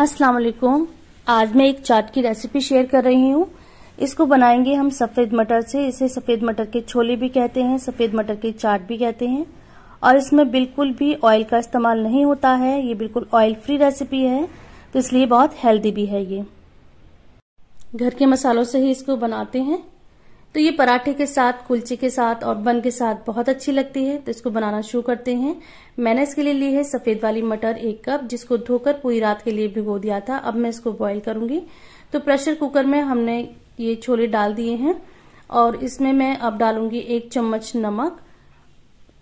अस्सलाम वालेकुम आज मैं एक चाट की रेसिपी शेयर कर रही हूँ इसको बनाएंगे हम सफ़ेद मटर से इसे सफ़ेद मटर के छोले भी कहते हैं सफ़ेद मटर के चाट भी कहते हैं और इसमें बिल्कुल भी ऑयल का इस्तेमाल नहीं होता है ये बिल्कुल ऑयल फ्री रेसिपी है तो इसलिए बहुत हेल्दी भी है ये घर के मसालों से ही इसको बनाते हैं तो ये पराठे के साथ कुलचे के साथ और बन के साथ बहुत अच्छी लगती है तो इसको बनाना शुरू करते हैं मैंने इसके लिए ली है सफेद वाली मटर एक कप जिसको धोकर पूरी रात के लिए भिगो दिया था अब मैं इसको बॉईल करूंगी तो प्रेशर कुकर में हमने ये छोले डाल दिए हैं और इसमें मैं अब डालूंगी एक चम्मच नमक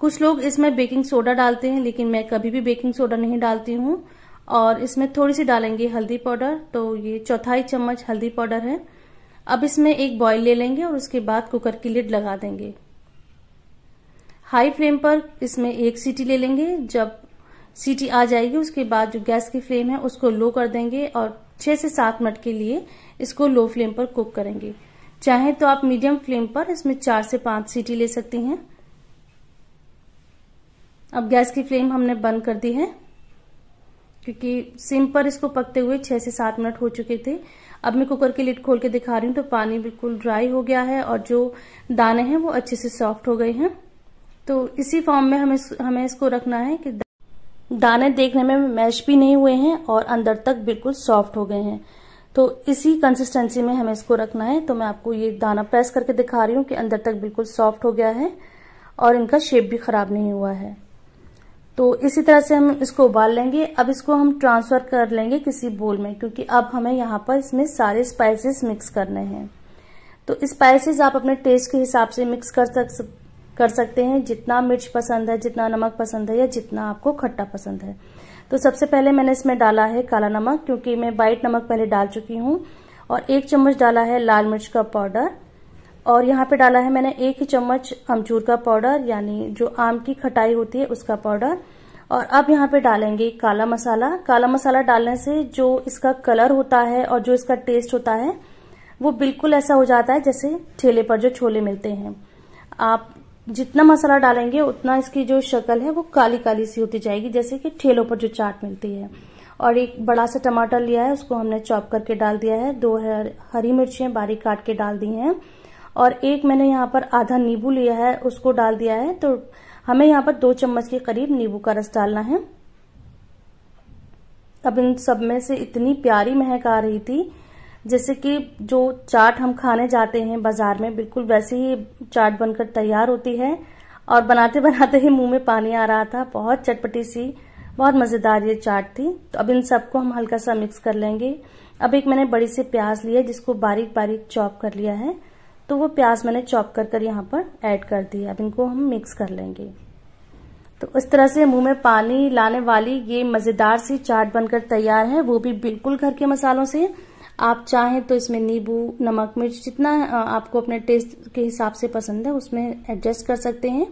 कुछ लोग इसमें बेकिंग सोडा डालते हैं लेकिन मैं कभी भी बेकिंग सोडा नहीं डालती हूँ और इसमें थोड़ी सी डालेंगे हल्दी पाउडर तो ये चौथाई चम्मच हल्दी पाउडर है अब इसमें एक बॉइल ले लेंगे और उसके बाद कुकर की लिड लगा देंगे हाई फ्लेम पर इसमें एक सीटी ले लेंगे जब सीटी आ जाएगी उसके बाद जो गैस की फ्लेम है उसको लो कर देंगे और छह से सात मिनट के लिए इसको लो फ्लेम पर कुक करेंगे चाहे तो आप मीडियम फ्लेम पर इसमें चार से पांच सीटी ले सकती हैं अब गैस की फ्लेम हमने बंद कर दी है क्योंकि सिम पर इसको पकते हुए छह से सात मिनट हो चुके थे अब मैं कुकर की लिट खोल के दिखा रही हूँ तो पानी बिल्कुल ड्राई हो गया है और जो दाने हैं वो अच्छे से सॉफ्ट हो गए हैं तो इसी फॉर्म में हमें हमें इसको रखना है कि दाने देखने में मैश भी नहीं हुए हैं और अंदर तक बिल्कुल सॉफ्ट हो गए हैं तो इसी कंसिस्टेंसी में हमें इसको रखना है तो मैं आपको ये दाना प्रेस करके दिखा रही हूँ कि अंदर तक बिल्कुल सॉफ्ट हो गया है और इनका शेप भी खराब नहीं हुआ है तो इसी तरह से हम इसको उबाल लेंगे अब इसको हम ट्रांसफर कर लेंगे किसी बोल में क्योंकि अब हमें यहाँ पर इसमें सारे स्पाइसेस मिक्स करने हैं तो स्पाइसेस आप अपने टेस्ट के हिसाब से मिक्स कर सक कर सकते हैं जितना मिर्च पसंद है जितना नमक पसंद है या जितना आपको खट्टा पसंद है तो सबसे पहले मैंने इसमें डाला है काला नमक क्योंकि मैं वाइट नमक पहले डाल चुकी हूँ और एक चम्मच डाला है लाल मिर्च का पाउडर और यहाँ पे डाला है मैंने एक ही चम्मच अमचूर का पाउडर यानी जो आम की खटाई होती है उसका पाउडर और अब यहाँ पे डालेंगे काला मसाला काला मसाला डालने से जो इसका कलर होता है और जो इसका टेस्ट होता है वो बिल्कुल ऐसा हो जाता है जैसे ठेले पर जो छोले मिलते हैं आप जितना मसाला डालेंगे उतना इसकी जो शक्ल है वो काली काली सी होती जाएगी जैसे कि ठेलों पर जो चाट मिलती है और एक बड़ा सा टमाटर लिया है उसको हमने चॉप करके डाल दिया है दो हरी मिर्चें बारीक काट के डाल दी हैं और एक मैंने यहाँ पर आधा नींबू लिया है उसको डाल दिया है तो हमें यहाँ पर दो चम्मच के करीब नींबू का रस डालना है अब इन सब में से इतनी प्यारी महक आ रही थी जैसे कि जो चाट हम खाने जाते हैं बाजार में बिल्कुल वैसे ही चाट बनकर तैयार होती है और बनाते बनाते ही मुंह में पानी आ रहा था बहुत चटपटी सी बहुत मज़ेदार ये चाट थी तो अब इन सबको हम हल्का सा मिक्स कर लेंगे अब एक मैंने बड़ी सी प्याज ली है जिसको बारीक बारीक चॉप कर लिया है तो वो प्याज मैंने चॉप कर कर यहाँ पर ऐड कर दी अब इनको हम मिक्स कर लेंगे तो इस तरह से मुंह में पानी लाने वाली ये मज़ेदार सी चाट बनकर तैयार है वो भी बिल्कुल घर के मसालों से आप चाहें तो इसमें नींबू नमक मिर्च जितना आपको अपने टेस्ट के हिसाब से पसंद है उसमें एडजस्ट कर सकते हैं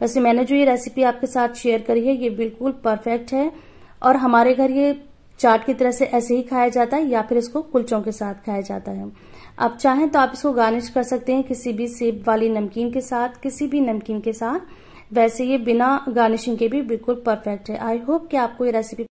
वैसे मैंने जो ये रेसिपी आपके साथ शेयर करी है ये बिल्कुल परफेक्ट है और हमारे घर ये चाट की तरह से ऐसे ही खाया जाता है या फिर इसको कुलचों के साथ खाया जाता है आप चाहें तो आप इसको गार्निश कर सकते हैं किसी भी सेब वाली नमकीन के साथ किसी भी नमकीन के साथ वैसे ये बिना गार्निशिंग के भी बिल्कुल परफेक्ट है आई होप कि आपको ये रेसिपी